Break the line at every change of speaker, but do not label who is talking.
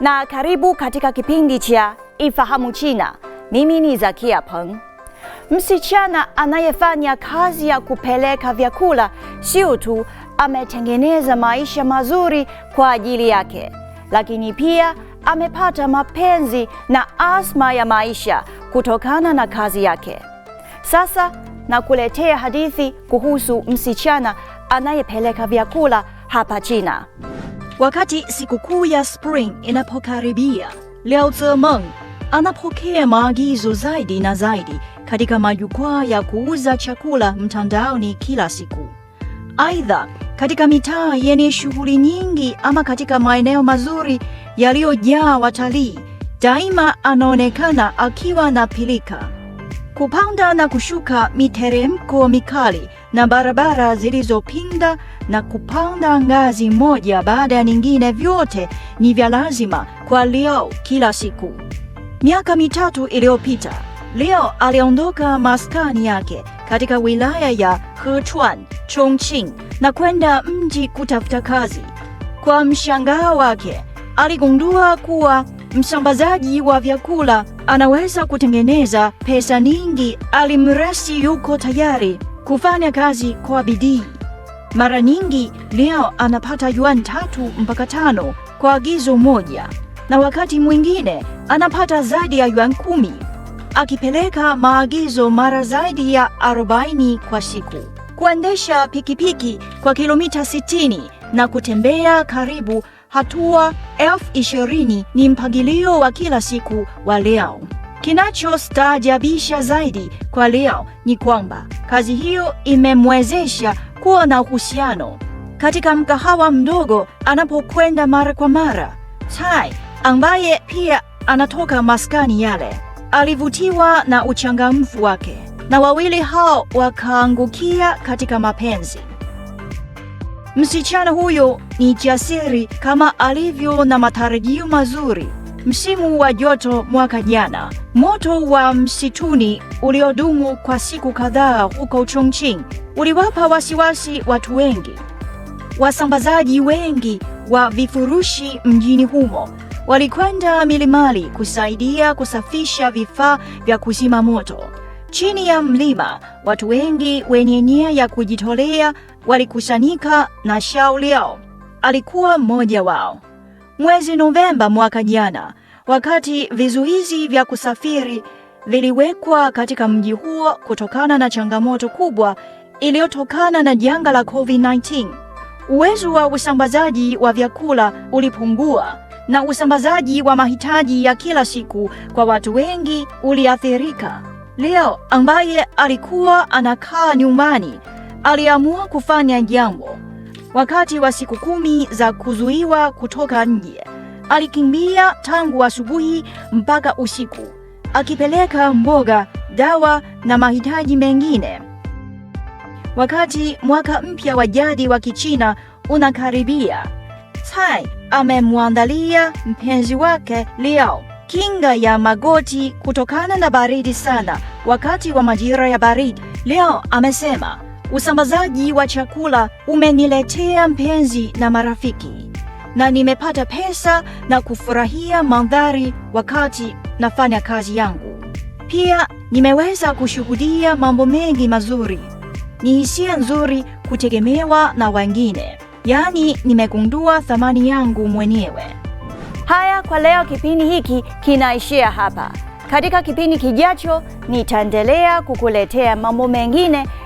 na karibu katika kipindi cha Ifahamu China. Mimi ni Zakia Peng. Msichana anayefanya kazi ya kupeleka vyakula sio tu ametengeneza maisha mazuri kwa ajili yake, lakini pia amepata mapenzi na azma ya maisha kutokana na kazi yake. Sasa nakuletea hadithi kuhusu msichana anayepeleka vyakula hapa China.
Wakati sikukuu ya Spring inapokaribia, Liao Zemeng anapokea maagizo zaidi na zaidi katika majukwaa ya kuuza chakula mtandaoni kila siku. Aidha, katika mitaa yenye shughuli nyingi ama katika maeneo mazuri yaliyojaa watalii, daima anaonekana akiwa na pilika kupanda na kushuka miteremko mikali na barabara zilizopinda na kupanda ngazi moja baada ya nyingine, vyote ni vya lazima kwa Leo kila siku. Miaka mitatu iliyopita, Leo aliondoka maskani yake katika wilaya ya Hechuan, Chongqing na kwenda mji kutafuta kazi. Kwa mshangao wake, aligundua kuwa msambazaji wa vyakula anaweza kutengeneza pesa nyingi. Alimresi yuko tayari kufanya kazi kwa bidii. Mara nyingi Leo anapata yuan tatu mpaka tano kwa agizo moja, na wakati mwingine anapata zaidi ya yuan kumi akipeleka maagizo mara zaidi ya 40 kwa siku, kuendesha pikipiki kwa kilomita 60 na kutembea karibu hatua elfu ishirini ni mpangilio wa kila siku wa Leo. Kinachostaajabisha zaidi kwa Leo ni kwamba kazi hiyo imemwezesha kuwa na uhusiano katika mkahawa mdogo anapokwenda mara kwa mara. Tai ambaye pia anatoka maskani yale alivutiwa na uchangamfu wake na wawili hao wakaangukia katika mapenzi. Msichana huyo ni jasiri kama alivyo na matarajio mazuri msimu wa joto mwaka jana. Moto wa msituni uliodumu kwa siku kadhaa huko Chongqing uliwapa wasiwasi watu wengi. Wasambazaji wengi wa vifurushi mjini humo walikwenda milimani kusaidia kusafisha vifaa vya kuzima moto. Chini ya mlima, watu wengi wenye nia ya kujitolea walikusanyika na Shao Liao alikuwa mmoja wao mwezi Novemba mwaka jana, wakati vizuizi vya kusafiri viliwekwa katika mji huo kutokana na changamoto kubwa iliyotokana na janga la COVID-19. Uwezo wa usambazaji wa vyakula ulipungua na usambazaji wa mahitaji ya kila siku kwa watu wengi uliathirika. Leo ambaye alikuwa anakaa nyumbani aliamua kufanya jambo wakati wa siku kumi za kuzuiwa kutoka nje. Alikimbia tangu asubuhi mpaka usiku, akipeleka mboga, dawa na mahitaji mengine. Wakati mwaka mpya wa jadi wa Kichina unakaribia, Tsai amemwandalia mpenzi wake Liao kinga ya magoti kutokana na baridi sana. Wakati wa majira ya baridi, Liao amesema Usambazaji wa chakula umeniletea mpenzi na marafiki, na nimepata pesa na kufurahia mandhari wakati nafanya kazi yangu. Pia nimeweza kushuhudia mambo mengi mazuri. Ni hisia nzuri kutegemewa na wengine, yaani nimegundua thamani yangu mwenyewe.
Haya, kwa leo kipindi hiki kinaishia hapa. Katika kipindi kijacho nitaendelea kukuletea mambo mengine